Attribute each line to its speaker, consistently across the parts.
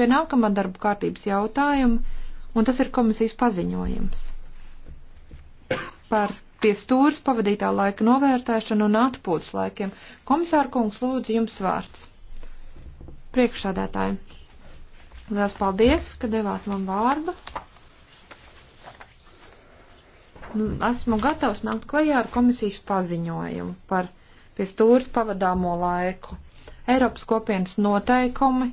Speaker 1: pie nākamā darba kārtības jautājuma, un tas ir komisijas paziņojums par pie stūras pavadītā laika novērtēšanu un atpūtas laikiem. Komisāra kungs, lūdzu, jums vārds. Priekšsādētāji, liels paldies, ka devāt man vārdu. Nu, esmu gatavs nākt klajā ar komisijas paziņojumu par pie stūras pavadāmo laiku. Eiropas kopienas noteikumi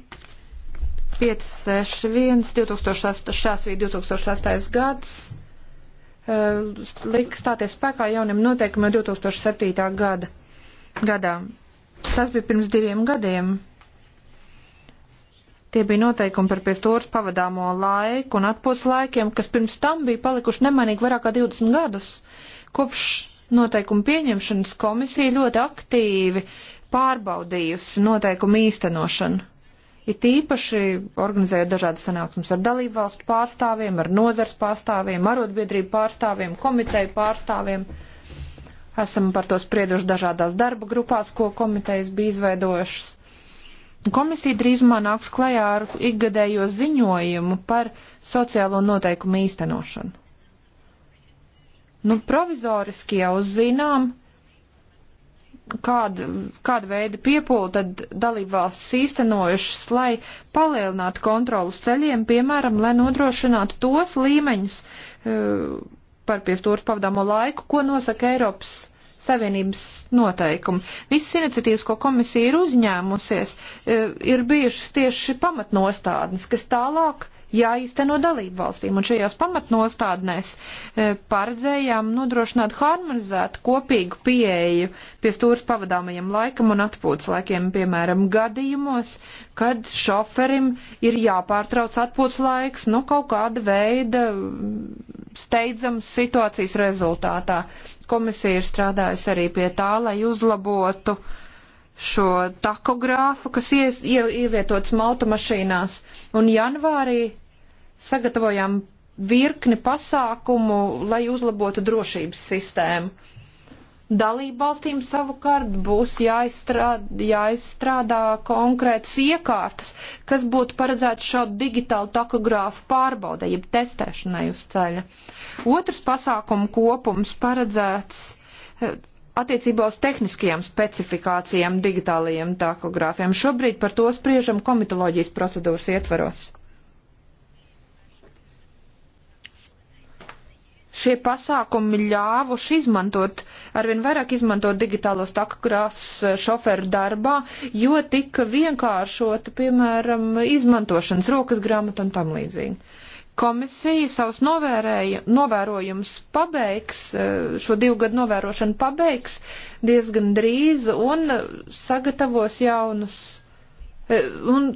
Speaker 1: 561, 2008, 2008 gads, lika stāties spēkā jauniem noteikumiem 2007. gada. Gadā. Tas bija pirms diviem gadiem. Tie bija noteikumi par pie stūras pavadāmo laiku un atpūtas laikiem, kas pirms tam bija palikuši nemainīgi vairāk kā 20 gadus. Kopš noteikumu pieņemšanas komisija ļoti aktīvi pārbaudījusi noteikumu īstenošanu. It īpaši organizējot dažādas sanāksmes ar dalību valstu pārstāvjiem, ar nozars pārstāvjiem, arotbiedrību pārstāvjiem, komiteju pārstāvjiem. Esam par to sprieduši dažādās darba grupās, ko komitejas bija izveidojušas. Komisija drīzumā nāks klajā ar ikgadējo ziņojumu par sociālo noteikumu īstenošanu. Nu, provizoriski jau zinām, uh, kādu, kādu veidu piepūli tad dalībvalstis īstenojušas, lai palielinātu kontrolus ceļiem, piemēram, lai nodrošinātu tos līmeņus eh, par pie stūra pavadāmo laiku, ko nosaka Eiropas Savienības noteikumi. Visas iniciatīvas, ko komisija ir uzņēmusies, e, ir bijušas tieši pamatnostādnes, kas tālāk jāīsteno dalību valstīm. Un šajās pamatnostādnēs e, paredzējām nodrošināt harmonizētu kopīgu pieeju pie stūras pavadāmajam laikam un atpūtas laikiem, piemēram, gadījumos, kad šoferim ir jāpārtrauc atpūtas laiks, nu, kaut kāda veida steidzamas situācijas rezultātā. Komisija ir strādājusi arī pie tā, lai uzlabotu šo takogrāfu, kas ies, ie, ievietots automašīnās. Un janvārī sagatavojām virkni pasākumu, lai uzlabotu drošības sistēmu. Dalību valstīm savukārt būs jāizstrādā, jāizstrādā konkrētas iekārtas, kas būtu paredzētas šādu digitālu takogrāfu pārbaudē, jeb testēšanai uz ceļa. Otrs pasākumu kopums paredzēts eh, attiecībā uz tehniskajām specifikācijām digitālajiem takogrāfiem. Šobrīd par to spriežam komitoloģijas procedūras ietvaros. Šie pasākumi ļāvuši izmantot, arvien vairāk izmantot digitālos takokrāfus eh, šoferu darbā, jo tika vienkāršota, piemēram, izmantošanas rokas grāmata un tam līdzīgi. Komisija savus novērēja, novērojumus pabeigs, eh, šo divu gadu novērošanu pabeigs diezgan drīz un eh, sagatavos jaunus E, un,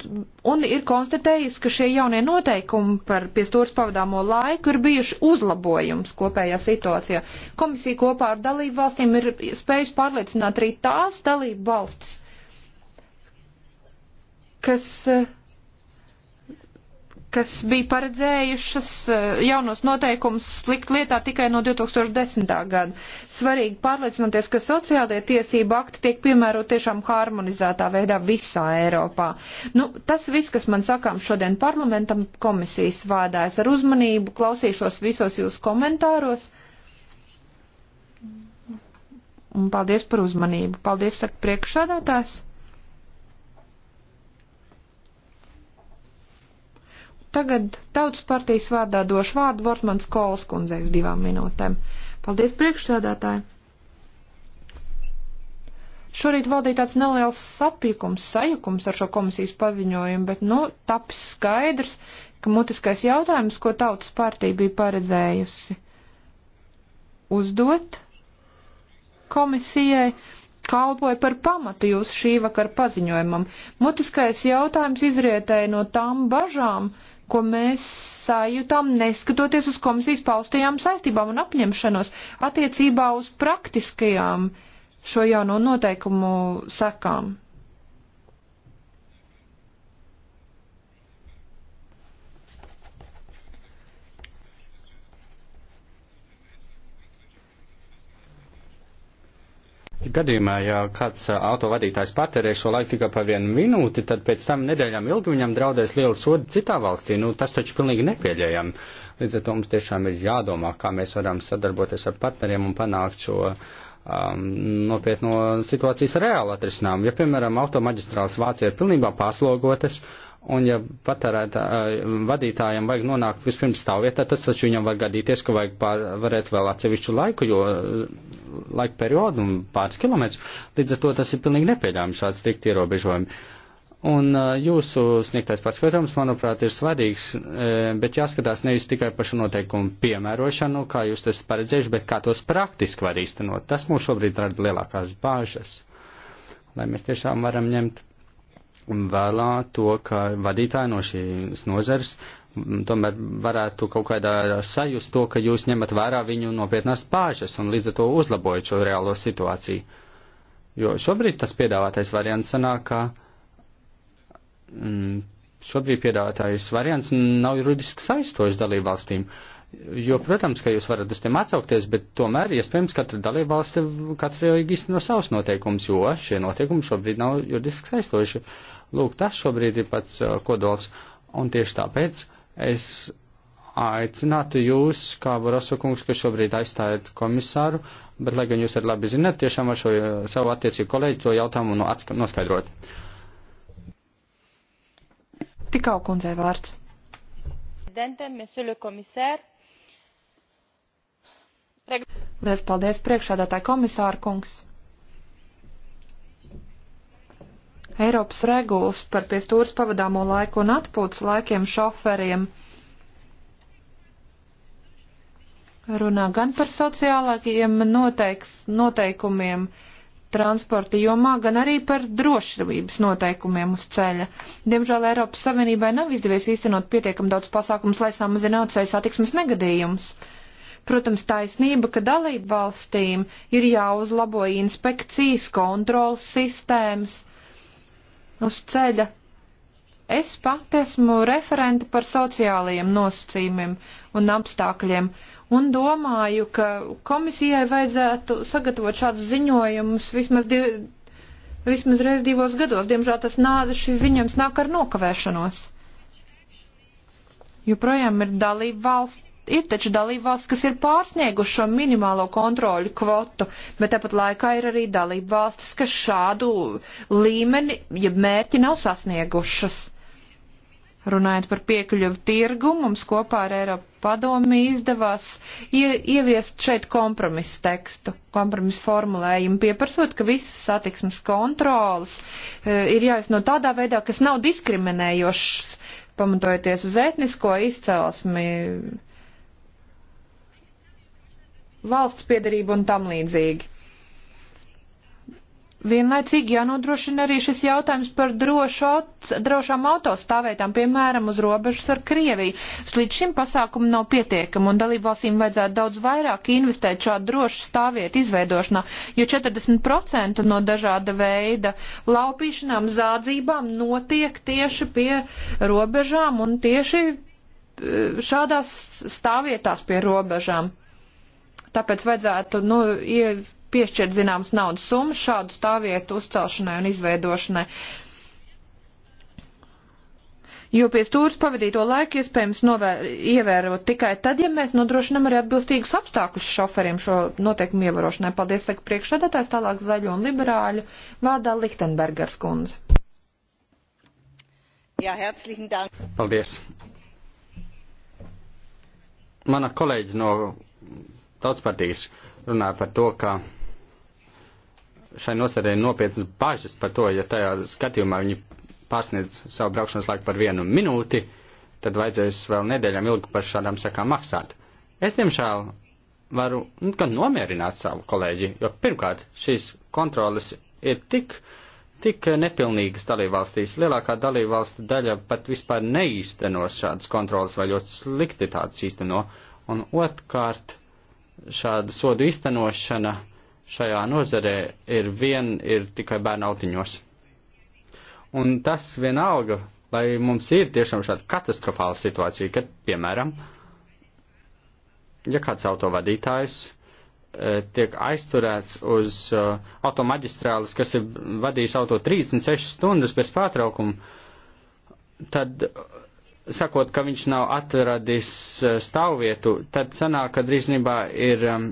Speaker 1: un ir konstatējusi, ka šie jaunie noteikumi par pie stūras pavadāmo laiku ir bijuši uzlabojums kopējā situācijā. Komisija kopā ar dalību valstīm ir spējusi pārliecināt arī tās dalību valstis, kas uh, kas bija paredzējušas eh, jaunos noteikumus slikt lietā tikai no 2010. gada. Svarīgi pārliecināties, ka sociālie tiesība akti tiek piemērot tiešām harmonizētā veidā visā Eiropā. Nu, tas viss, kas man sakām šodien parlamentam komisijas vārdā, es ar uzmanību klausīšos visos jūsu komentāros. Un paldies par uzmanību. Paldies, saka priekšādātājs. Tagad tautas partijas vārdā došu vārdu Vortmans Kols kundzei uz divām minūtēm. Paldies priekšsēdētāji! Šorīt valdīja tāds neliels sapīkums, sajukums ar šo komisijas paziņojumu, bet, nu, tapis skaidrs, ka mutiskais jautājums, ko tautas partija bija paredzējusi uzdot komisijai, kalpoja par pamatu jūsu šī vakar paziņojumam. Mutiskais jautājums izrietēja no tām bažām, uh, ko mēs sajūtām, neskatoties uz komisijas paustajām saistībām un apņemšanos attiecībā uz praktiskajām šo jauno noteikumu sekām.
Speaker 2: gadījumā, ja kāds autovadītājs patērē šo laiku tikai par vienu minūti, tad pēc tam nedēļām ilgi viņam draudēs liela soda citā valstī. Nu, tas taču pilnīgi nepieļējami. Līdz ar to mums tiešām ir jādomā, kā mēs varam sadarboties ar partneriem un panākt šo um, nopietno situācijas reāli atrisinājumu. Ja, piemēram, automaģistrāls Vācija ir pilnībā pārslogotas Un ja patērēt eh, vadītājiem vajag nonākt vispirms stāvvietā, tas taču viņam var gadīties, ka vajag pārvarēt vēl atsevišķu laiku, jo eh, laika periodu un pāris kilometrus. Līdz ar to tas ir pilnīgi nepieļāmi šāds tikt ierobežojumi. Un eh, jūsu sniegtais paskatījums, manuprāt, ir svarīgs, bet jāskatās nevis tikai par šo noteikumu piemērošanu, kā jūs tas paredzējuši, bet kā tos praktiski var īstenot. Tas mūs šobrīd rada lielākās bāžas, lai mēs tiešām varam ņemt vēlā to, ka vadītāji no šīs nozares mm, tomēr varētu kaut kādā sajust to, ka jūs ņemat vērā viņu nopietnās pāžas un līdz ar to uzlabojat šo reālo situāciju. Jo šobrīd tas piedāvātais variants sanāk, ka mm, šobrīd piedāvātais variants nav juridiski saistošs dalībvalstīm. valstīm Jo, protams, ka jūs varat uz tiem atsaukties, bet tomēr iespējams katra dalībvalsts katrai īsteno savus noteikumus, jo šie noteikumi šobrīd nav juridiski saistoši. Lūk, tas šobrīd ir pats uh, kodols. Un tieši tāpēc es aicinātu jūs, kā Baroso kungs, kas šobrīd aizstājat komisāru, bet, lai gan jūs arī labi zināt, tiešām ar šo uh, savu attiecību kolēģi to jautājumu no noskaidrot.
Speaker 1: Tikau kundzei vārds. Presidente, monsieur le commissaire, Liels paldies priekšādātāji komisāra kungs. Eiropas regulas par pie stūras pavadāmo laiku un atpūtas laikiem šoferiem runā gan par sociālākiem noteiks, noteikumiem transporta jomā, gan arī par drošības noteikumiem uz ceļa. Diemžēl Eiropas Savienībai nav izdevies īstenot pietiekam daudz pasākums, lai samazinātu ceļu satiksmes negadījumus. Protams, taisnība, ka dalību valstīm ir jāuzlabo inspekcijas, kontrolas sistēmas uz ceļa. Es pati esmu referente par sociālajiem nosacījumiem un apstākļiem, un domāju, ka komisijai vajadzētu sagatavot šādus ziņojumus vismaz, div, vismaz reiz divos gados. Diemžēl tas nāda, šis ziņojums nāk ar nokavēšanos. Joprojām ir dalība valsts ir taču dalībvalsts, kas ir pārsnieguši šo minimālo kontroļu kvotu, bet tāpat laikā ir arī dalībvalstis, kas šādu līmeni, ja mērķi nav sasniegušas. Runājot par piekļuvu tirgu, mums kopā ar Eiropu padomi izdevās ie, ieviest šeit kompromisu tekstu, kompromisu formulējumu, pieprasot, ka visas satiksmes kontrolas e, ir jāizno tādā veidā, kas nav diskriminējošs, pamatojoties uz etnisko izcelsmi valsts piedarību un tam līdzīgi. Vienlaicīgi jānodrošina arī šis jautājums par drošo, drošām autostāvētām, piemēram, uz robežas ar Krieviju. Līdz šim pasākumu nav pietiekama, un dalībvalstīm vajadzētu daudz vairāk investēt šādu drošu stāvietu izveidošanā, jo 40% no dažāda veida laupīšanām, zādzībām notiek tieši pie robežām un tieši eh, šādās stāvvietās pie robežām. Tāpēc vajadzētu, nu, piešķirt zināmas naudas summas šādu stāvvietu uzcelšanai un izveidošanai. Jo pie stūras pavadīto laiku iespējams novēr, ievērot tikai tad, ja mēs nodrošinām arī atbilstīgus apstākļus šoferiem šo noteikumu ievērošanai. Paldies, saka priekšsēdētājs, tālāk zaļo un liberāļu vārdā Lichtenbergers kundze. Jā, herzlichen dank.
Speaker 2: Paldies. Mana kolēģi no tautspartijas runāja par to, ka šai nosarē nopietnas bažas par to, ja tajā skatījumā viņi pārsniedz savu braukšanas laiku par vienu minūti, tad vajadzēs vēl nedēļām ilgi par šādām sakām maksāt. Es, diemžēl, varu nu, gan nomierināt savu kolēģi, jo pirmkārt šīs kontroles ir tik, tik nepilnīgas dalībvalstīs. Lielākā dalībvalstu daļa pat vispār neīstenos šādas kontrolas vai ļoti slikti tādas īsteno. Un otrkārt, šāda sodu iztenošana šajā nozarē ir vien ir tikai bērnu autiņos. Un tas vienalga, lai mums ir tiešām šāda katastrofāla situācija, kad, piemēram, ja kāds autovadītājs e, tiek aizturēts uz uh, automaģistrāles, kas ir vadījis auto 36 stundas bez pārtraukuma, tad uh, sakot, ka viņš nav atradis e, stāvvietu, tad sanāk, ka drīznībā ir um,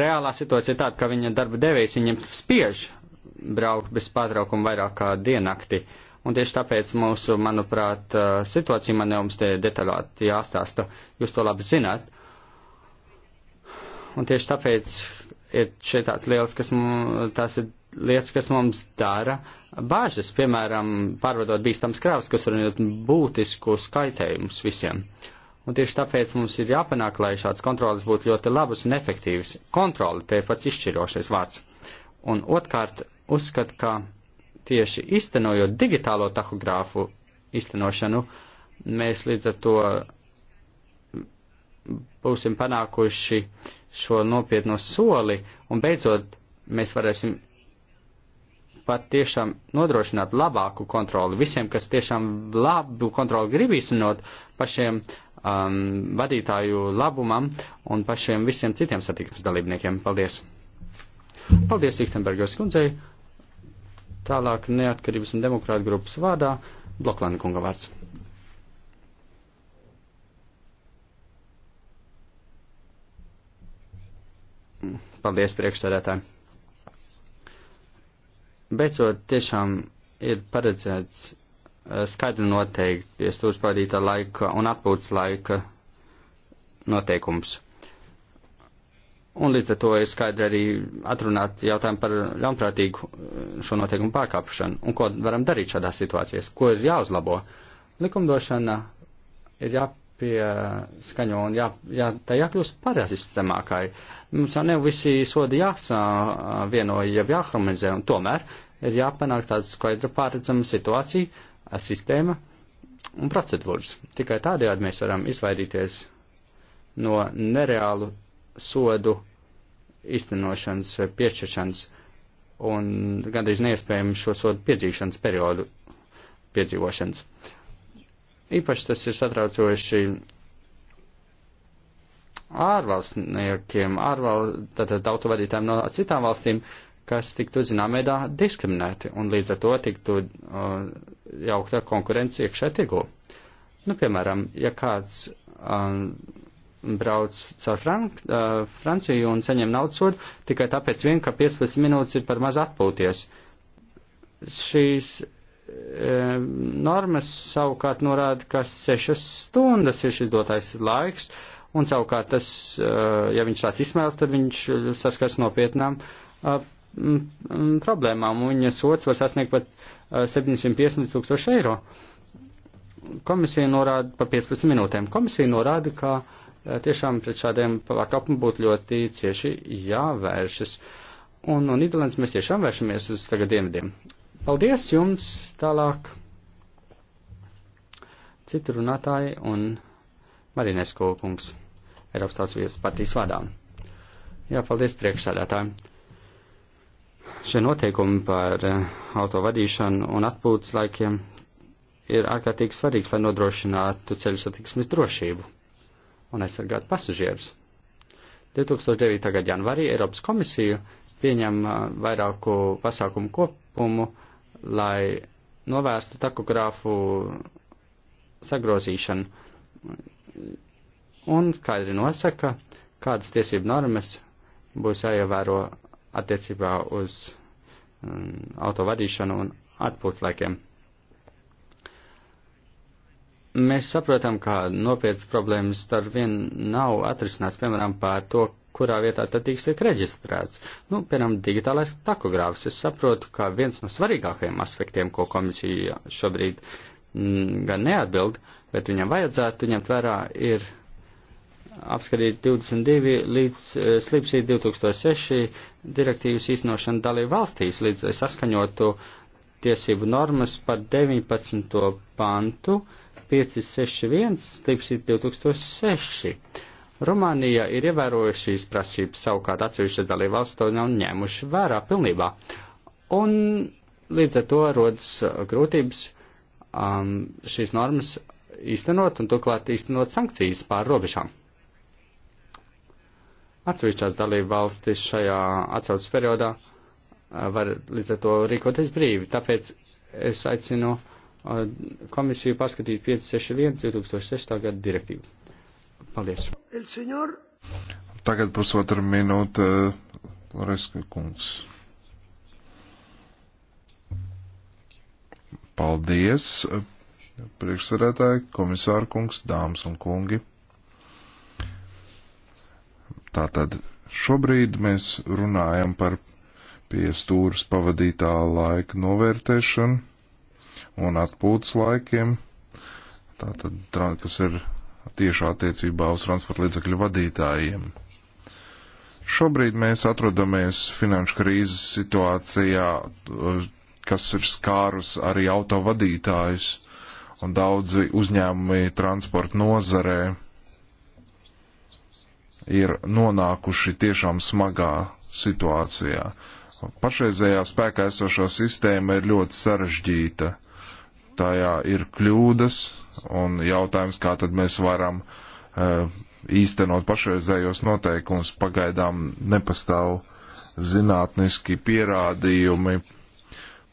Speaker 2: reālā situācija tāda, ka viņa darba devējs viņam spiež braukt bez pārtraukuma vairāk kā diennakti. Un tieši tāpēc mūsu, manuprāt, e, situācija man jums te detaļāti jāstāsta, jūs to labi zināt. Un tieši tāpēc ir šeit tāds liels, kas tās ir lietas, kas mums dara bāžas, piemēram, pārvadot bīstams krāvas, kas var dot būtisku skaitējumus visiem. Un tieši tāpēc mums ir jāpanāk, lai šāds kontrolas būtu ļoti labas un efektīvas. Kontrola te pats izšķirošais vārds. Un otkārt, uzskat, ka tieši iztenojot digitālo tahogrāfu iztenošanu, mēs līdz ar to būsim panākuši šo nopietno soli un beidzot mēs varēsim pat tiešām nodrošināt labāku kontroli visiem, kas tiešām labu kontroli grib īstenot pašiem um, vadītāju labumam un pašiem visiem citiem satiksmes dalībniekiem. Paldies! Paldies, Lichtenbergas kundzei! Tālāk neatkarības un demokrāta grupas vārdā Bloklāna kunga vārds. Paldies, priekšsēdētāji! Beidzot, tiešām ir paredzēts eh, skaidri noteikti stūrs pavadītā laika un atpūtas laika noteikums. Un līdz ar to ir skaidri arī atrunāt jautājumu par ļaunprātīgu eh, šo noteikumu pārkāpšanu un ko varam darīt šādās situācijās, ko ir jāuzlabo. Likumdošana ir jā, pie skaņo un jā, jā, tā jākļūst parasistamākai. Mums jau ne visi sodi jāsavienoja, jau jāharmonizē, un tomēr ir jāpanāk tāda skaidra pārredzama situācija, sistēma un procedūras. Tikai tādējādi mēs varam izvairīties no nereālu sodu iztenošanas vai piešķiršanas un gandrīz neiespējamu šo sodu piedzīšanas periodu piedzīvošanas. Uh, Īpaši tas ir satraucoši ārvalstniekiem, ārval, tātad autovadītājiem no citām valstīm, kas tiktu zinām veidā diskriminēti un līdz ar to tiktu uh, jaukta konkurence iekšē tirgu. Nu, piemēram, ja kāds um, brauc caur Frank, uh, Franciju un saņem naudsodu tikai tāpēc vien, ka 15 minūtes ir par maz atpūties. Šīs Ehm, normas savukārt norāda, ka sešas stundas ir šis dotais laiks, un savukārt tas, eh, ja viņš tāds izmēls, tad viņš saskars nopietnām eh, problēmām, un viņa sots var sasniegt pat 750 eh, tūkstoši eiro. Komisija norāda par 15 minūtēm. Komisija norāda, ka tiešām pret šādiem pārkāpumiem būtu ļoti cieši jāvēršas. Un no Nīderlandes mēs tiešām vēršamies uz tagad dienvidiem. Paldies jums tālāk citu runātāju un Marinesko kungs Eiropas tautas vietas partijas vadā. Jā, paldies priekšsādātājiem. Šie noteikumi par eh, auto vadīšanu un atpūtas laikiem ir ārkārtīgi svarīgs, lai nodrošinātu ceļu satiksmes drošību un aizsargātu pasažierus. 2009. gada janvarī Eiropas komisija pieņem eh, vairāku pasākumu kopumu, lai novērstu takogrāfu sagrozīšanu un skaidri nosaka, kādas tiesību normas būs jāievēro attiecībā uz um, auto vadīšanu un atpūtlaikiem. Mēs saprotam, ka nopietnas problēmas ar vien nav atrisināts, piemēram, par to, kurā vietā tad tiks tiek reģistrēts. Nu, piemēram, digitālais takogrāfs. Es saprotu, ka viens no svarīgākajiem aspektiem, ko komisija šobrīd m, mm, gan neatbild, bet viņam vajadzētu ņemt vērā, ir apskatīt 22 līdz e, slīpsīt 2006 direktīvas īstenošanu dalību valstīs, līdz saskaņotu tiesību normas par 19. pantu 561 slīpsīt 2006 Rumānija ir ievērojuši šīs prasības, savukārt atsevišķas dalībvalsts to nav ņēmuši vērā pilnībā. Un līdz ar to rodas uh, grūtības um, šīs normas īstenot un turklāt īstenot sankcijas pār robežām. Atsevišķās dalībvalstis šajā atsaucas periodā uh, var līdz ar to rīkoties brīvi, tāpēc es aicinu uh, komisiju paskatīt 561 2006. gada direktīvu. Paldies.
Speaker 3: Tagad pusotru minūtu Loreska kungs. Paldies, priekšsarētāji, komisāra kungs, dāmas un kungi. Tātad šobrīd mēs runājam par pie stūras pavadītā laika novērtēšanu un atpūtas laikiem, tātad, kas ir tiešā attiecībā uz transporta līdzakļu vadītājiem. Šobrīd mēs atrodamies finanšu krīzes situācijā, kas ir skārus arī autovadītājus un daudzi uzņēmumi transporta nozarē ir nonākuši tiešām smagā situācijā. Pašreizējā spēkā esošā sistēma ir ļoti sarežģīta tajā ir kļūdas un jautājums, kā tad mēs varam uh, īstenot pašreizējos noteikumus. Pagaidām nepastāv zinātniski pierādījumi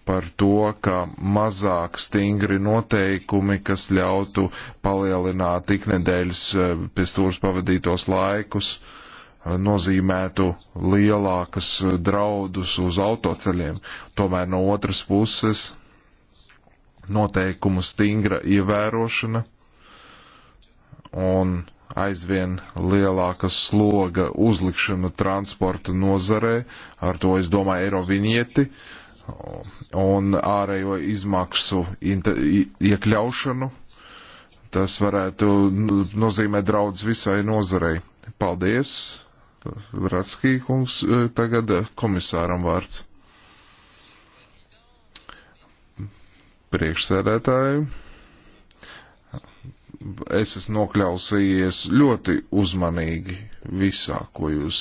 Speaker 3: par to, ka mazāk stingri noteikumi, kas ļautu palielināt iknedēļas uh, pie stūras pavadītos laikus, uh, nozīmētu lielākas draudus uz autoceļiem. Tomēr no otras puses noteikumu stingra ievērošana un aizvien lielāka sloga uzlikšana transporta nozarē, ar to es domāju eirovinieti, un ārējo izmaksu iekļaušanu. Tas varētu nozīmēt draudz visai nozarei. Paldies, Ratskī kungs, tagad komisāram vārds. priekšsēdētāju. Es esmu nokļausījies ļoti uzmanīgi visā, ko jūs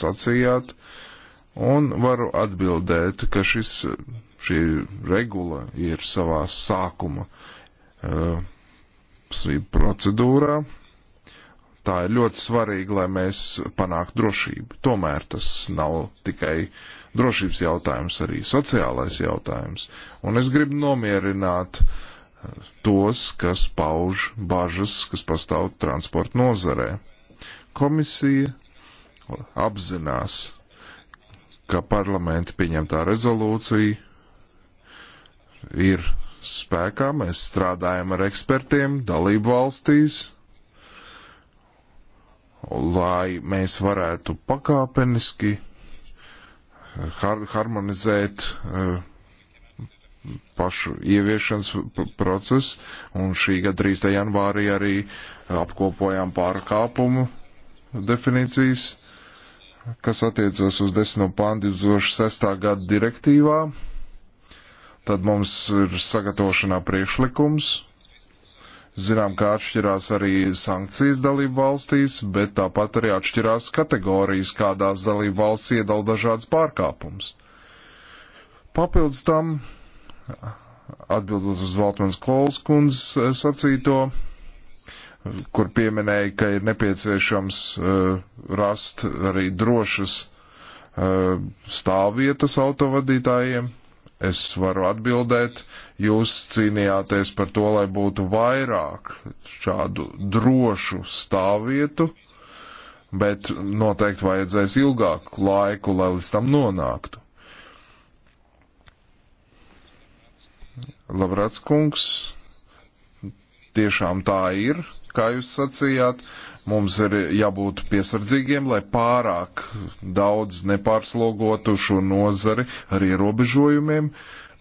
Speaker 3: sacījāt, un varu atbildēt, ka šis, šī regula ir savā sākuma uh, procedūrā. Tā ir ļoti svarīga, lai mēs panāktu drošību. Tomēr tas nav tikai uh, drošības jautājums arī, sociālais jautājums. Un es gribu nomierināt eh, tos, kas pauž bažas, kas pastāv transporta nozarē. Komisija apzinās, ka parlamenta pieņemtā rezolūcija ir spēkā, mēs strādājam ar ekspertiem dalību valstīs, lai mēs varētu pakāpeniski har harmonizēt eh, pašu ieviešanas procesu, un šī gada 3. janvārī arī apkopojām pārkāpumu definīcijas, kas attiecas uz 10. pāntu 2006. gada direktīvā. Tad mums ir sagatavošanā priekšlikums, Zinām, ka atšķirās arī sankcijas dalību valstīs, bet tāpat arī atšķirās kategorijas, kādās dalību valsts iedala dažādas pārkāpumus. Papildus tam, atbildot uz Valtmans Kols kundzes eh, sacīto, kur pieminēja, ka ir nepieciešams uh, rast arī drošas uh, stāvvietas autovadītājiem. Es varu atbildēt, jūs cīnījāties par to, lai būtu vairāk šādu drošu stāvvietu, bet noteikti vajadzēs ilgāku laiku, lai līdz tam nonāktu. Labrats kungs, tiešām tā ir kā jūs sacījāt. Mums ir jābūt piesardzīgiem, lai pārāk daudz nepārslogotu šo nozari ar ierobežojumiem,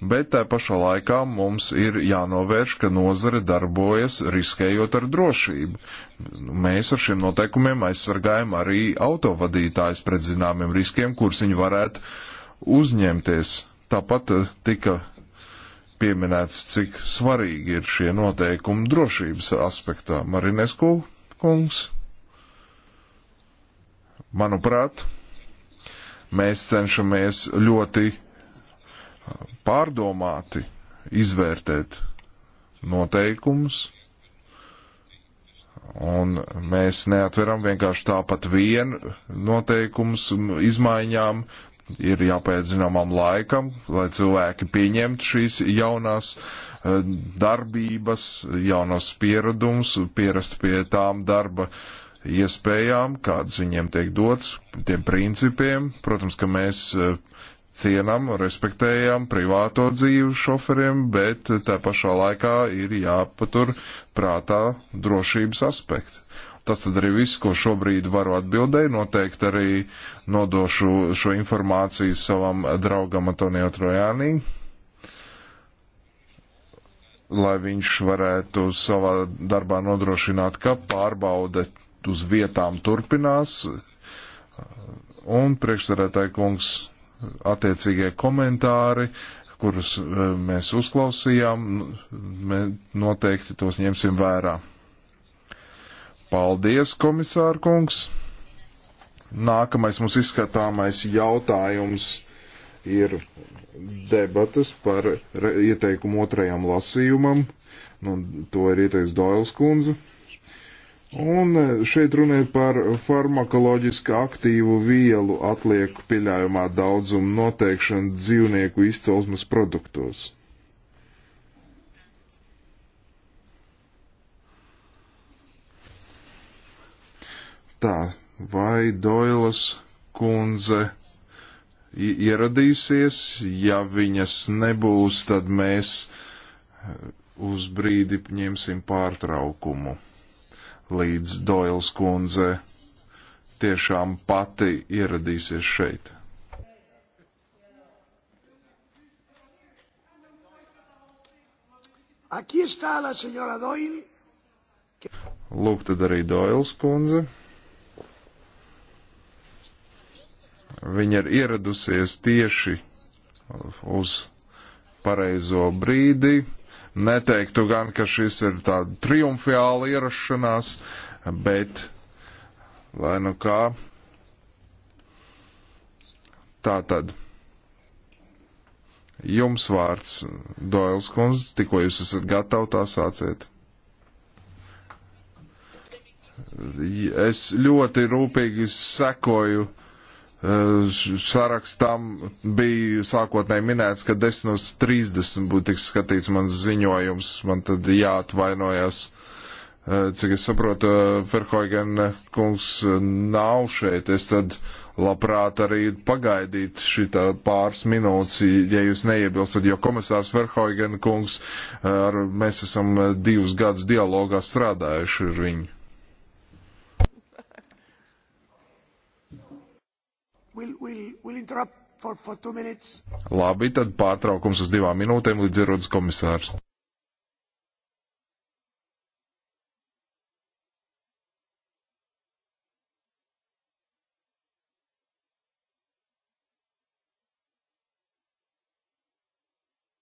Speaker 3: bet tā pašā laikā mums ir jānovērš, ka nozare darbojas riskējot ar drošību. Mēs ar šiem noteikumiem aizsargājam arī autovadītājs pret zināmiem riskiem, kurus viņi varētu uzņemties. Tāpat tika pieminēts, cik svarīgi ir šie noteikumi drošības aspektā. Marinesku kungs, manuprāt, mēs cenšamies ļoti pārdomāti izvērtēt noteikumus, un mēs neatveram vienkārši tāpat vienu noteikumus izmaiņām, ir jāpēc zināmam laikam, lai cilvēki pieņemtu šīs jaunās eh, darbības, jaunos pieredumus, pierastu pie tām darba iespējām, kādas viņiem tiek dots, tiem principiem. Protams, ka mēs eh, cienam, respektējam privāto dzīvi šoferiem, bet eh, tā pašā laikā ir jāpatur prātā drošības aspekti. Tas tad arī viss, ko šobrīd varu atbildēt. Noteikti arī nodošu šo informāciju savam draugam Antonio Trojānī, lai viņš varētu savā darbā nodrošināt, ka pārbaude uz vietām turpinās. Un priekšsarētāji kungs attiecīgie komentāri, kurus eh, mēs uzklausījām, nu, mēs noteikti tos ņemsim vērā. Paldies, komisāra kungs. Nākamais mums izskatāmais jautājums ir debatas par ieteikumu otrajam lasījumam. Nu, to ir ieteicis Doils kundze. Un e, šeit runājot par farmakoloģiski aktīvu vielu atlieku pieļaujamā daudzumu noteikšanu dzīvnieku izcelsmes produktos. Tā, vai Doilas kundze ieradīsies, ja viņas nebūs, tad mēs eh, uz brīdi ņemsim pārtraukumu līdz Doils kundze tiešām pati ieradīsies šeit. Lūk, tad arī Doils kundze. Viņa ir ieradusies tieši uz pareizo brīdi. Neteiktu gan, ka šis ir tāda triumfiāla ierašanās, bet lai nu kā. Tā tad. Jums vārds, Doils kundz, tikko jūs esat gatavi, tā sāciet. Es ļoti rūpīgi sekoju uh, sarakstam bija sākotnēji minēts, ka 10.30 būtu tiks skatīts mans ziņojums. Man tad jāatvainojas. Eh, cik es saprotu, Ferhoigen eh, eh, kungs nav šeit. Es tad labprāt arī pagaidīt šitā pāris minūtes, ja jūs neiebilstat, jo komisārs Ferhoigen kungs, ar, mēs esam divus gadus dialogā strādājuši ar viņu.
Speaker 2: We'll, we'll, we'll for, for
Speaker 3: Labi, tad pārtraukums uz divām minūtēm, līdz ierodas komisārs.